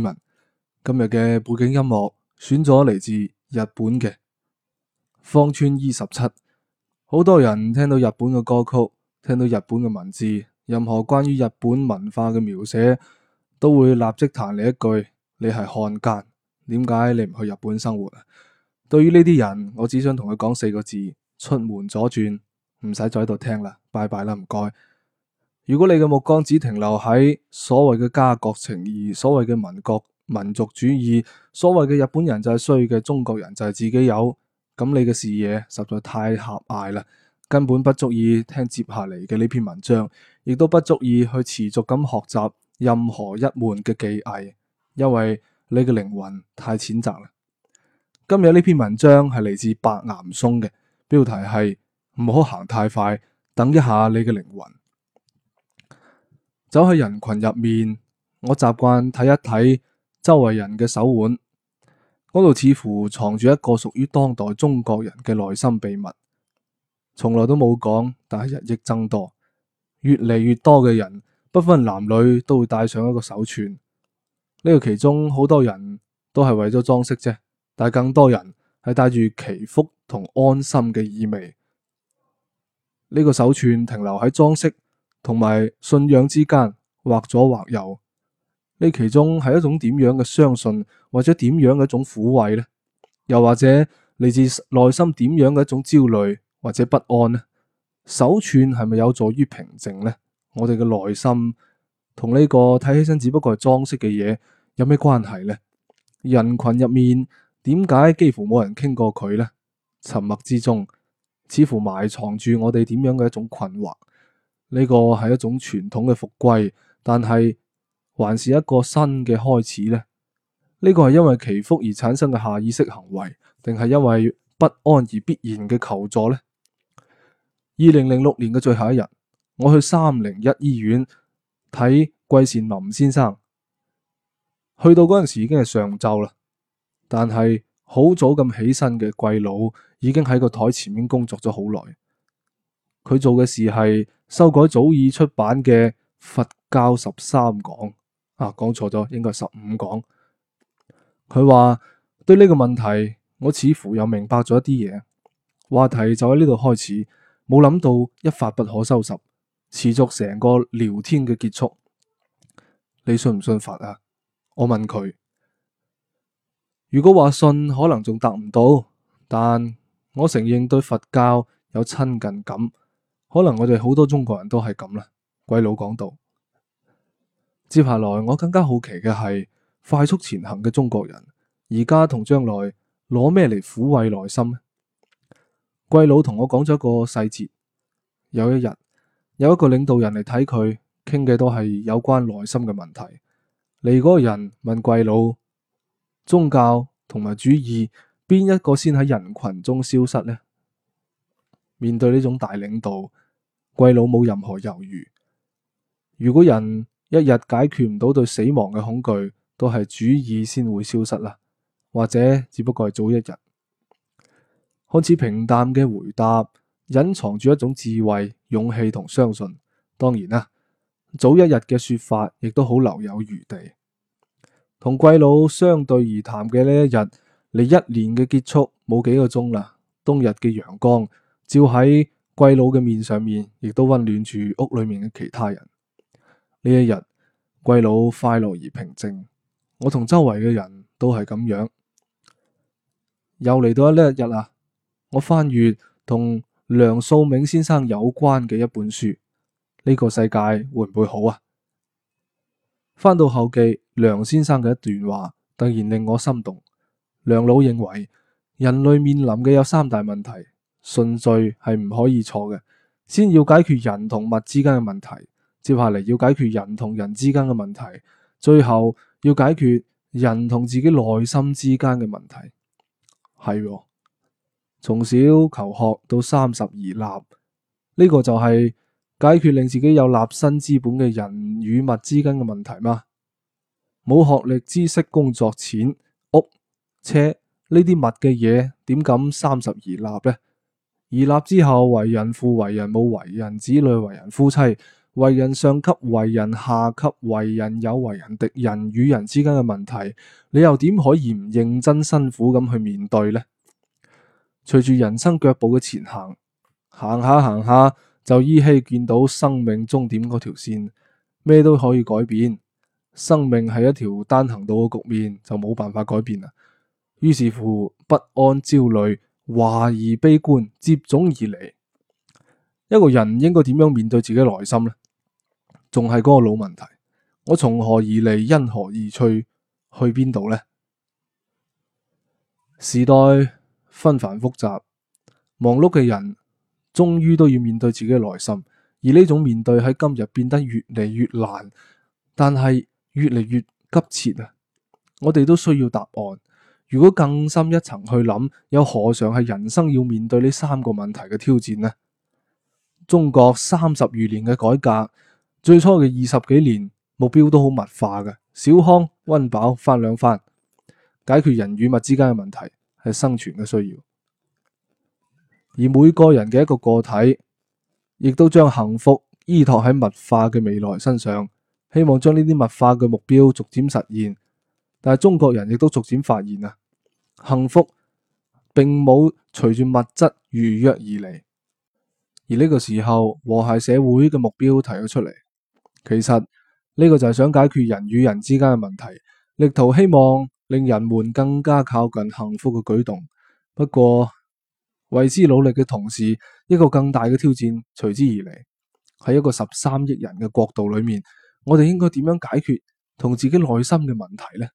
文今日嘅背景音樂選咗嚟自日本嘅《芳村二十七》。好多人聽到日本嘅歌曲，聽到日本嘅文字，任何關於日本文化嘅描寫，都會立即彈你一句：你係漢奸。點解你唔去日本生活？對於呢啲人，我只想同佢講四個字：出門左轉，唔使再喺度聽啦，拜拜啦，唔該。如果你嘅目光只停留喺所謂嘅家國情義、所謂嘅民國民族主義，所謂嘅日本人就係衰嘅中國人就係自己有，咁你嘅視野實在太狹隘啦，根本不足以聽接下嚟嘅呢篇文章，亦都不足以去持續咁學習任何一門嘅技藝，因為你嘅靈魂太淺窄啦。今日呢篇文章係嚟自白岩松嘅，標題係唔好行太快，等一下你嘅靈魂。走喺人群入面，我習慣睇一睇周圍人嘅手腕，嗰度似乎藏住一個屬於當代中國人嘅內心秘密，從來都冇講，但係日益增多，越嚟越多嘅人，不分男女，都會戴上一個手串。呢個其中好多人都係為咗裝飾啫，但更多人係帶住祈福同安心嘅意味。呢個手串停留喺裝飾。同埋信仰之間或左或右，呢其中係一種點樣嘅相信，或者點樣嘅一種撫慰呢？又或者嚟自內心點樣嘅一種焦慮或者不安呢？手串係咪有助於平靜呢？我哋嘅內心同呢個睇起身只不過係裝飾嘅嘢有咩關係呢？人群入面點解幾乎冇人傾過佢呢？沉默之中，似乎埋藏住我哋點樣嘅一種困惑。呢個係一種傳統嘅復歸，但係還是一個新嘅開始呢？呢個係因為祈福而產生嘅下意識行為，定係因為不安而必然嘅求助呢？二零零六年嘅最後一日，我去三零一醫院睇季羨林先生。去到嗰陣時已經係上晝啦，但係好早咁起身嘅季老已經喺個台前面工作咗好耐。佢做嘅事係。修改早已出版嘅《佛教十三講》啊，講錯咗，應該十五講。佢話對呢個問題，我似乎又明白咗一啲嘢。話題就喺呢度開始，冇諗到一發不可收拾，持續成個聊天嘅結束。你信唔信佛啊？我問佢。如果話信，可能仲答唔到，但我承認對佛教有親近感。可能我哋好多中國人都係咁啦，季老講到。接下來我更加好奇嘅係快速前行嘅中國人，而家同將來攞咩嚟撫慰內心呢？季老同我講咗個細節，有一日有一個領導人嚟睇佢，傾嘅都係有關內心嘅問題。嚟嗰個人問季老，宗教同埋主義邊一個先喺人群中消失呢？面對呢種大領導，季老冇任何猶豫。如果人一日解決唔到對死亡嘅恐懼，都係主意先會消失啦，或者只不過係早一日。看似平淡嘅回答，隱藏住一種智慧、勇氣同相信。當然啦，早一日嘅說法亦都好留有餘地。同季老相對而談嘅呢一日，離一年嘅結束冇幾個鐘啦，冬日嘅陽光。照喺季老嘅面上面，亦都溫暖住屋裏面嘅其他人。呢一日，季老快樂而平靜，我同周圍嘅人都係咁樣。又嚟到呢一日啊，我翻閱同梁漱溟先生有關嘅一本書，呢、這個世界會唔會好啊？翻到後記，梁先生嘅一段話突然令我心動。梁老認為人類面臨嘅有三大問題。順序係唔可以錯嘅，先要解決人同物之間嘅問題，接下嚟要解決人同人之間嘅問題，最後要解決人同自己內心之間嘅問題。係從小求學到三十而立，呢、這個就係解決令自己有立身資本嘅人與物之間嘅問題嗎？冇學歷、知識、工作、錢、屋、車呢啲物嘅嘢，點敢三十而立呢？而立之後，為人父、為人母、為人子女、為人夫妻、為人上級、為人下級、為人友、為人敵、人與人之間嘅問題，你又點可以唔認真、辛苦咁去面對呢？隨住人生腳步嘅前行，行下行下就依稀見到生命終點嗰條線，咩都可以改變，生命係一條單行道嘅局面，就冇辦法改變啦。於是乎，不安焦慮、焦慮。懷疑、悲觀接踵而嚟，一個人應該點樣面對自己內心呢？仲係嗰個老問題，我從何而嚟，因何而去，去邊度呢？時代紛繁複雜，忙碌嘅人終於都要面對自己內心，而呢種面對喺今日變得越嚟越難，但係越嚟越急切啊！我哋都需要答案。如果更深一層去諗，又何嘗係人生要面對呢三個問題嘅挑戰呢？中國三十餘年嘅改革，最初嘅二十幾年目標都好物化嘅，小康、溫飽翻兩番，解決人與物之間嘅問題係生存嘅需要。而每個人嘅一個個體，亦都將幸福依託喺物化嘅未來身上，希望將呢啲物化嘅目標逐漸實現。但係中國人亦都逐漸發現啊。幸福並冇隨住物質如約而嚟，而呢個時候和諧社會嘅目標提咗出嚟。其實呢個就係想解決人與人之間嘅問題，力圖希望令人們更加靠近幸福嘅舉動。不過為之努力嘅同時，一個更大嘅挑戰隨之而嚟，喺一個十三億人嘅國度裏面，我哋應該點樣解決同自己內心嘅問題呢？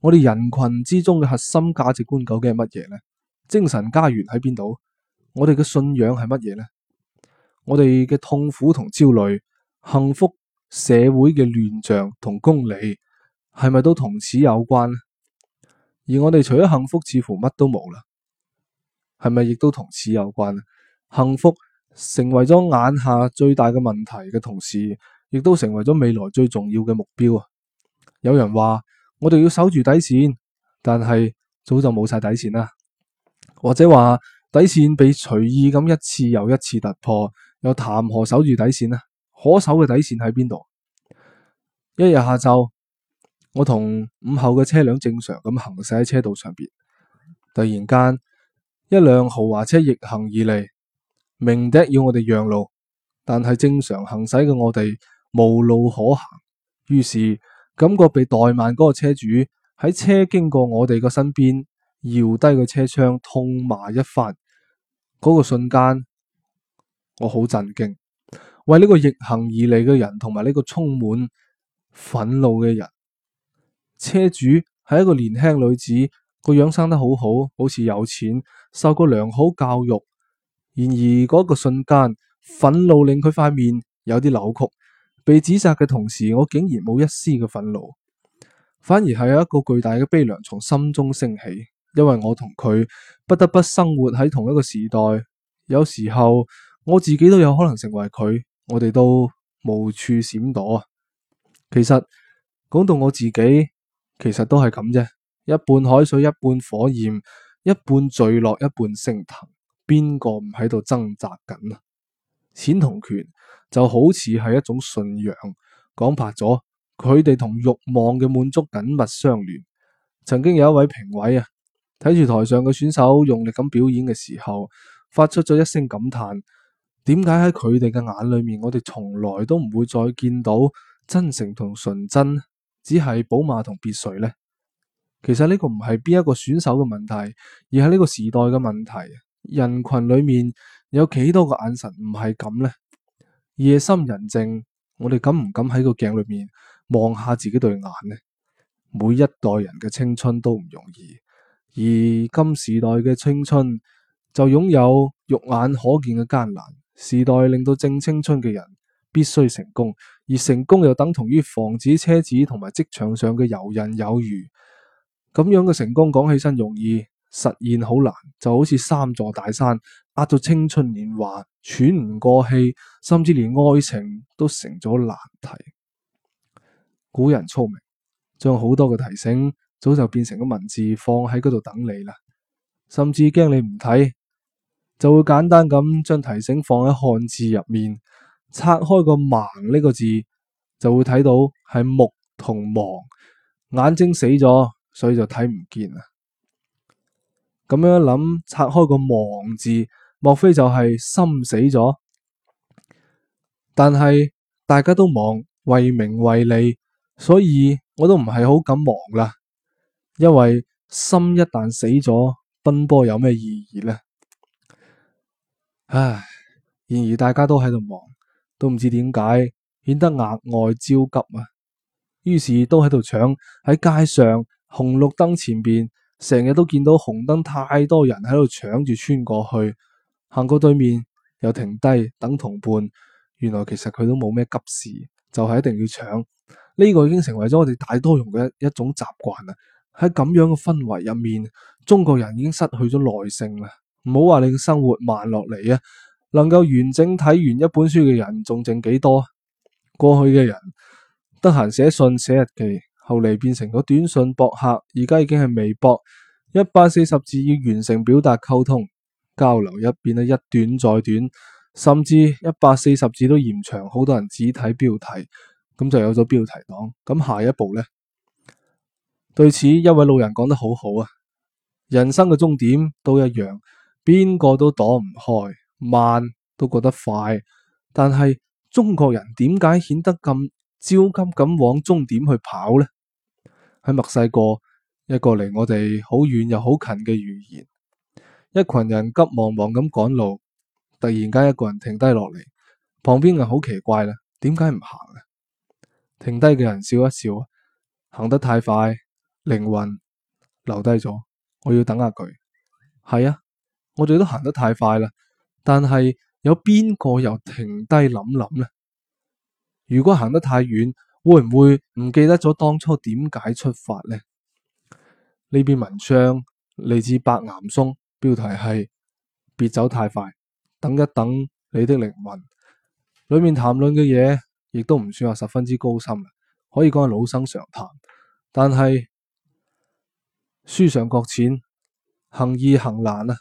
我哋人群之中嘅核心價值觀究竟係乜嘢呢？精神家園喺邊度？我哋嘅信仰係乜嘢呢？我哋嘅痛苦同焦慮、幸福、社會嘅亂象同公理，係咪都同此有關呢？而我哋除咗幸福，似乎乜都冇啦，係咪亦都同此有關？幸福成為咗眼下最大嘅問題嘅同時，亦都成為咗未來最重要嘅目標啊！有人話。我哋要守住底線，但係早就冇晒底線啦，或者話底線被隨意咁一次又一次突破，又談何守住底線啊？可守嘅底線喺邊度？一日下晝，我同午後嘅車輛正常咁行駛喺車道上邊，突然間一輛豪華車逆行而嚟，鳴笛要我哋讓路，但係正常行駛嘅我哋無路可行，於是。感覺被怠慢嗰個車主喺車經過我哋個身邊，搖低個車窗痛罵一番，嗰個瞬間我好震驚。為呢個逆行而嚟嘅人，同埋呢個充滿憤怒嘅人，車主係一個年輕女子，個樣生得好好，好似有錢，受過良好教育。然而嗰個瞬間，憤怒令佢塊面有啲扭曲。被指責嘅同時，我竟然冇一絲嘅憤怒，反而係有一個巨大嘅悲涼從心中升起。因為我同佢不得不生活喺同一個時代，有時候我自己都有可能成為佢，我哋都無處閃躲啊！其實講到我自己，其實都係咁啫，一半海水一半火焰，一半墜落一半升騰，邊個唔喺度掙扎緊啊？錢同權就好似係一種信仰，講白咗，佢哋同欲望嘅滿足緊密相連。曾經有一位評委啊，睇住台上嘅選手用力咁表演嘅時候，發出咗一聲感嘆，點解喺佢哋嘅眼裏面，我哋從來都唔會再見到真誠同純真，只係寶馬同別墅呢？其實呢個唔係邊一個選手嘅問題，而係呢個時代嘅問題，人群裏面。有幾多個眼神唔係咁呢？夜深人靜，我哋敢唔敢喺個鏡裏面望下自己對眼呢？每一代人嘅青春都唔容易，而今時代嘅青春就擁有肉眼可見嘅艱難。時代令到正青春嘅人必須成功，而成功又等同於房子、車子同埋職場上嘅遊刃有餘。咁樣嘅成功講起身容易，實現好難，就好似三座大山。壓到青春年華喘唔過氣，甚至連愛情都成咗難題。古人聰明，將好多嘅提醒早就變成個文字放喺嗰度等你啦，甚至驚你唔睇，就會簡單咁將提醒放喺漢字入面。拆開個盲呢個字，就會睇到係木同盲，眼睛死咗，所以就睇唔見啦。咁樣一諗，拆開個盲字。莫非就係心死咗？但係大家都忙，為名為利，所以我都唔係好敢忙啦。因為心一旦死咗，奔波有咩意義呢？唉，然而大家都喺度忙，都唔知點解，顯得額外焦急啊。於是都喺度搶，喺街上紅綠燈前邊，成日都見到紅燈太多人喺度搶住穿過去。行過對面又停低等同伴，原來其實佢都冇咩急事，就係一定要搶。呢個已經成為咗我哋大多用嘅一一種習慣啦。喺咁樣嘅氛圍入面，中國人已經失去咗耐性啦。唔好話你嘅生活慢落嚟啊，能夠完整睇完一本書嘅人仲剩幾多？過去嘅人得閒寫信寫日記，後嚟變成咗短信博客，而家已經係微博一百四十字要完成表達溝通。交流入邊咧一短再短，甚至一百四十字都嫌長，好多人只睇標題，咁就有咗標題黨。咁下一步呢？對此一位老人講得好好啊，人生嘅終點都一樣，邊個都躲唔開，慢都覺得快，但係中國人點解顯得咁焦急咁往終點去跑呢？喺墨西哥一個離我哋好遠又好近嘅寓言。一群人急忙忙咁趕路，突然間一個人停低落嚟，旁邊人好奇怪啦，點解唔行啊？停低嘅人笑一笑，行得太快，靈魂留低咗，我要等下佢。係啊，我哋都行得太快啦，但係有邊個又停低諗諗呢？如果行得太遠，會唔會唔記得咗當初點解出發呢？呢篇文章嚟自白岩松。標題係別走太快，等一等你的靈魂。裏面談論嘅嘢亦都唔算話十分之高深，可以講係老生常談。但係書上覺淺，行易行難啊！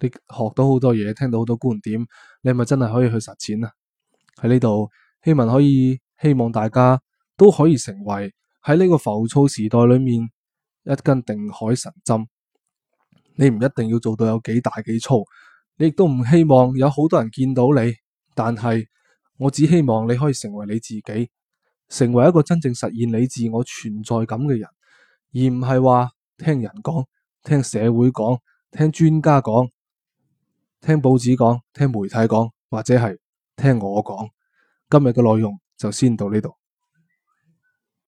你學到好多嘢，聽到好多觀點，你係咪真係可以去實踐啊？喺呢度，希望可以希望大家都可以成為喺呢個浮躁時代裏面一根定海神針。你唔一定要做到有幾大幾粗，你亦都唔希望有好多人見到你，但係我只希望你可以成為你自己，成為一個真正實現你自我存在感嘅人，而唔係話聽人講、聽社會講、聽專家講、聽報紙講、聽媒體講，或者係聽我講。今日嘅內容就先到呢度。